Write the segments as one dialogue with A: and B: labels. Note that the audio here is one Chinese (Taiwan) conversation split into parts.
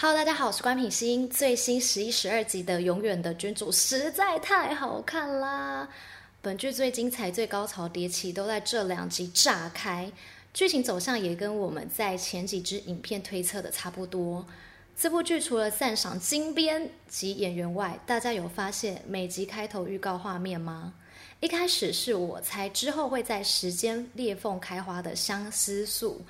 A: Hello，大家好，我是官品心。最新十一、十二集的《永遠的君主》實在太好看啦！本劇最精彩、最高潮迭起都在這兩集炸開，劇情走向也跟我們在前幾支影片推測的差不多。這部劇除了讚賞金編及演員外，大家有發現每集開頭預告畫面嗎？一開始是我猜之後會在時間裂縫開花的相思樹，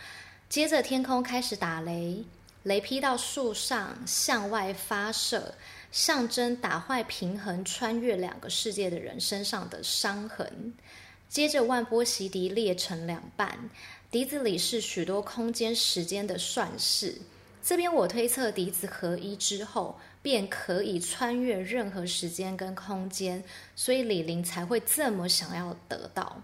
A: 接着天空開始打雷。雷劈到樹上，向外發射，象徵打壞平衡、穿越兩個世界的人身上的傷痕。接着萬波息笛裂成兩半，笛子裡是許多空間時間的算式。這邊我推測笛子合一之後，便可以穿越任何時間跟空間，所以李霖才會這麼想要得到。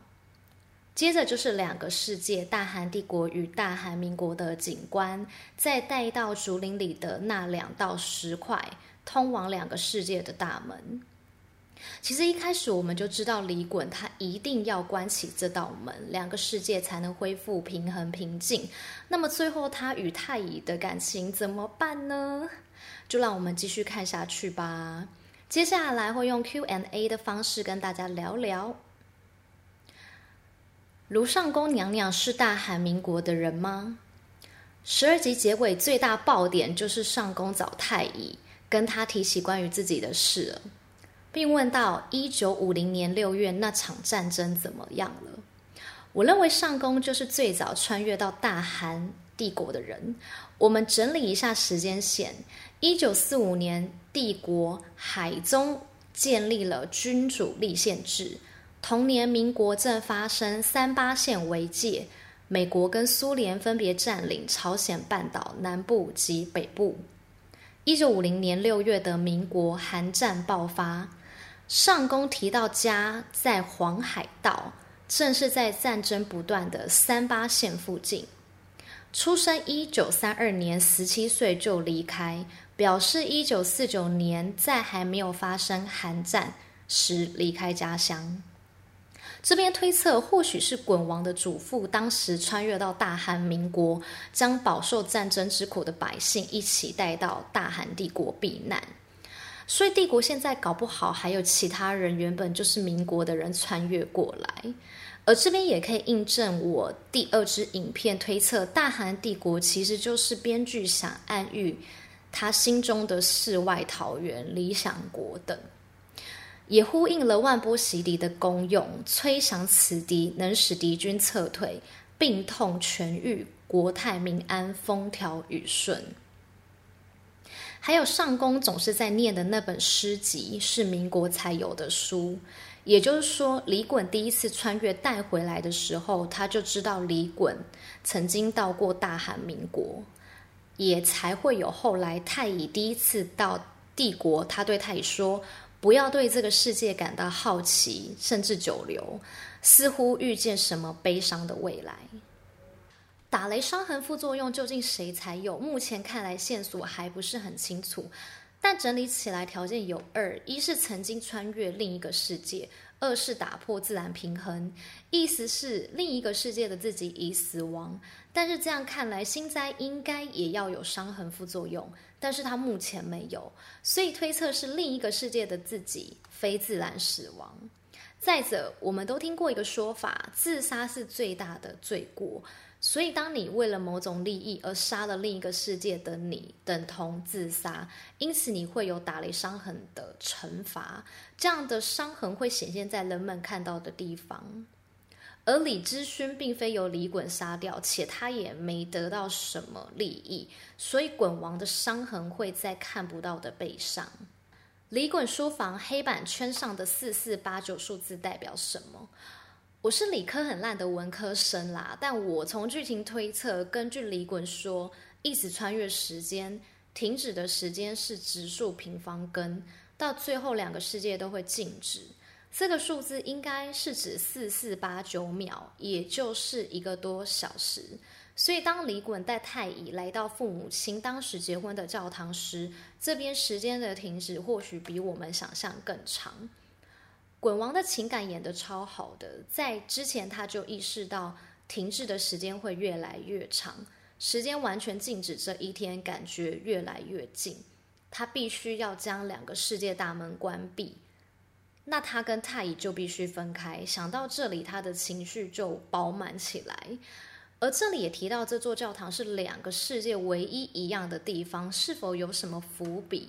A: 接着就是兩個世界，大韓帝國與大韓民國的景觀，再帶到竹林裡的那兩道石塊，通往兩個世界的大門。其實一開始我們就知道李袞他一定要關起這道門，兩個世界才能恢復平衡平靜。那麼最後他與太乙的感情怎麼辦呢？就讓我們繼續看下去吧。接下來會用 Q and A 的方式跟大家聊聊。盧尚宮娘娘是大韓民國的人嗎？十二集結尾最大爆點就是尚宮找太乙，跟他提起關於自己的事了，並問到一九五零年六月那場戰爭怎麼樣了。我認為尚宮就是最早穿越到大韓帝國的人。我們整理一下時間線：一九四五年，帝國海宗建立了君主立憲制。同年，民國正發生三八線為界，美國跟蘇聯分別佔領朝鮮半島南部及北部。一九五零年六月的民國韓戰爆發，尚宮提到家在黃海道，正是在戰爭不斷的三八線附近。出生一九三二年，十七歲就離開，表示一九四九年在還沒有發生韓戰時離開家鄉。這邊推測，或許是袞王的祖父當時穿越到大韓民國，將飽受戰爭之苦的百姓一起帶到大韓帝國避難，所以帝國現在搞不好還有其他人原本就是民國的人穿越過來，而這邊也可以印證我第二支影片推測，大韓帝國其實就是編劇想暗喻他心中的世外桃源、理想國等。也呼應了萬波息笛的功用，吹響此笛能使敵軍撤退、病痛痊癒、國泰民安、風調雨順。還有尚宮總是在念的那本詩集，是民國才有的書。也就是說，李袞第一次穿越帶回來的時候，他就知道李袞曾經到過大韓民國，也才會有後來太乙第一次到帝國，他對太乙說。不要對這個世界感到好奇，甚至久留，似乎遇見什麼悲傷的未來。打雷傷痕副作用究竟誰才有？目前看來線索還不是很清楚，但整理起來條件有二：一是曾經穿越另一個世界，二是打破自然平衡。意思是另一個世界的自己已死亡，但是這樣看來，薪栽應該也要有傷痕副作用。但是他目前沒有，所以推測是另一個世界的自己非自然死亡。再者，我們都聽過一個說法，自殺是最大的罪過。所以，當你為了某種利益而殺了另一個世界的你，等同自殺，因此你會有打雷傷痕的懲罰。這樣的傷痕會顯現在人們看到的地方。而李知勳並非由李袞殺掉，且他也沒得到什麼利益，所以袞王的傷痕會在看不到的背上。李袞書房黑板圈上的四四八九數字代表什麼？我是理科很爛的文科生啦，但我從劇情推測，根據李袞說，一直穿越時間停止的時間是直數平方根，到最後兩個世界都會靜止。這個數字應該是指四四八九秒，也就是一個多小時。所以，當李袞帶太乙來到父母親當時結婚的教堂時，這邊時間的停止或許比我們想象更長。袞王的情感演得超好的，在之前他就意識到停滯的時間會越來越長，時間完全靜止這一天感覺越來越近，他必須要將兩個世界大門關閉。那他跟太乙就必須分開。想到這裡，他的情緒就飽滿起來。而這裡也提到這座教堂是兩個世界唯一一樣的地方，是否有什麼伏筆？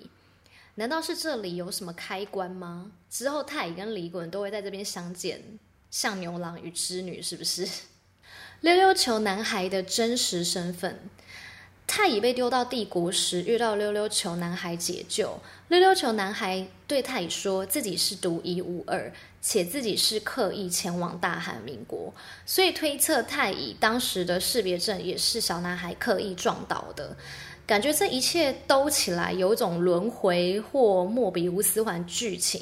A: 難道是這裡有什麼開關嗎？之後太乙跟李袞都會在這邊相見，像牛郎與織女，是不是？溜溜球男孩的真實身份？太乙被丟到帝國時，遇到溜溜球男孩解救。溜溜球男孩對太乙說，自己是獨一無二，且自己是刻意前往大韓民國，所以推測太乙當時的識別證也是小男孩刻意撞倒的。感覺這一切兜起來有種輪回或莫比烏斯環劇情。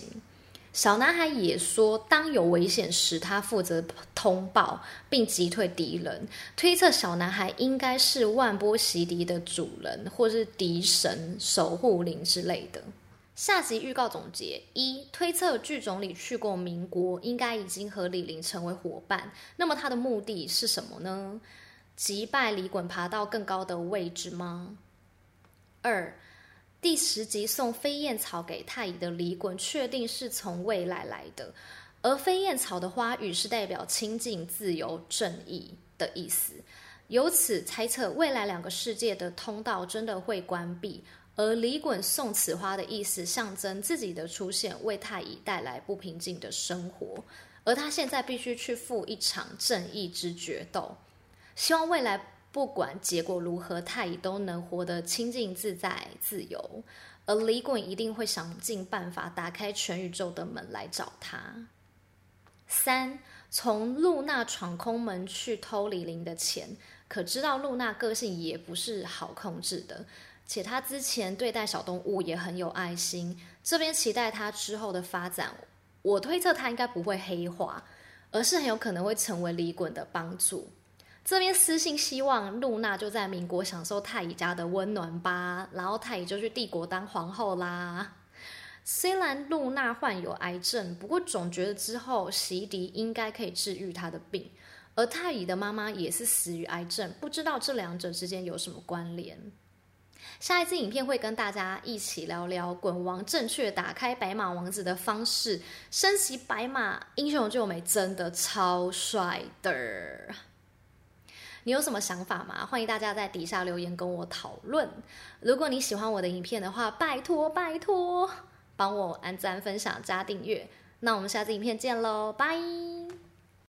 A: 小男孩也說，當有危險時，他負責通報並擊退敵人。推測小男孩應該是萬波息笛的主人，或是敵神、守護靈之類的。下集預告總結：一、推測具總理去過民國，應該已經和李霖成為夥伴。那麼他的目的是什麼呢？擊敗李袞爬到更高的位置嗎？二。第十集送飛燕草給太乙的李袞，確定是從未來來的。而飛燕草的花語是代表清靜、自由、正義的意思。由此猜測，未來兩個世界的通道真的會關閉。而李袞送此花的意思，象徵自己的出現為太乙帶來不平靜的生活。而他現在必須去赴一場正義之決鬥。希望未來。不管結果如何，太乙也都能活得清淨自在、自由，而李衮一定會想盡辦法打開全宇宙的門來找他。三，從露娜闖空門去偷李霖的錢，可知道露娜個性也不是好控制的，且她之前對待小動物也很有愛心，這邊期待她之後的發展。我推測她應該不會黑化，而是很有可能會成為李衮的幫助。這邊私信希望露娜就在民國享受太乙家的溫暖吧，然後太乙就去帝國當皇後啦。雖然露娜患有癌症，不過總覺得之後席迪應該可以治癒她的病。而太乙的媽媽也是死於癌症，不知道這兩者之間有什麼關聯。下一次影片會跟大家一起聊聊《袞王》，正確打開白馬王子的方式，身騎白馬英雄救美，真的超帥的。你有什麼想法嗎？歡迎大家在底下留言跟我討論。如果你喜歡我的影片的話，拜托拜托，幫我按讚、分享、加訂閱。那我們下次影片見嘍，拜。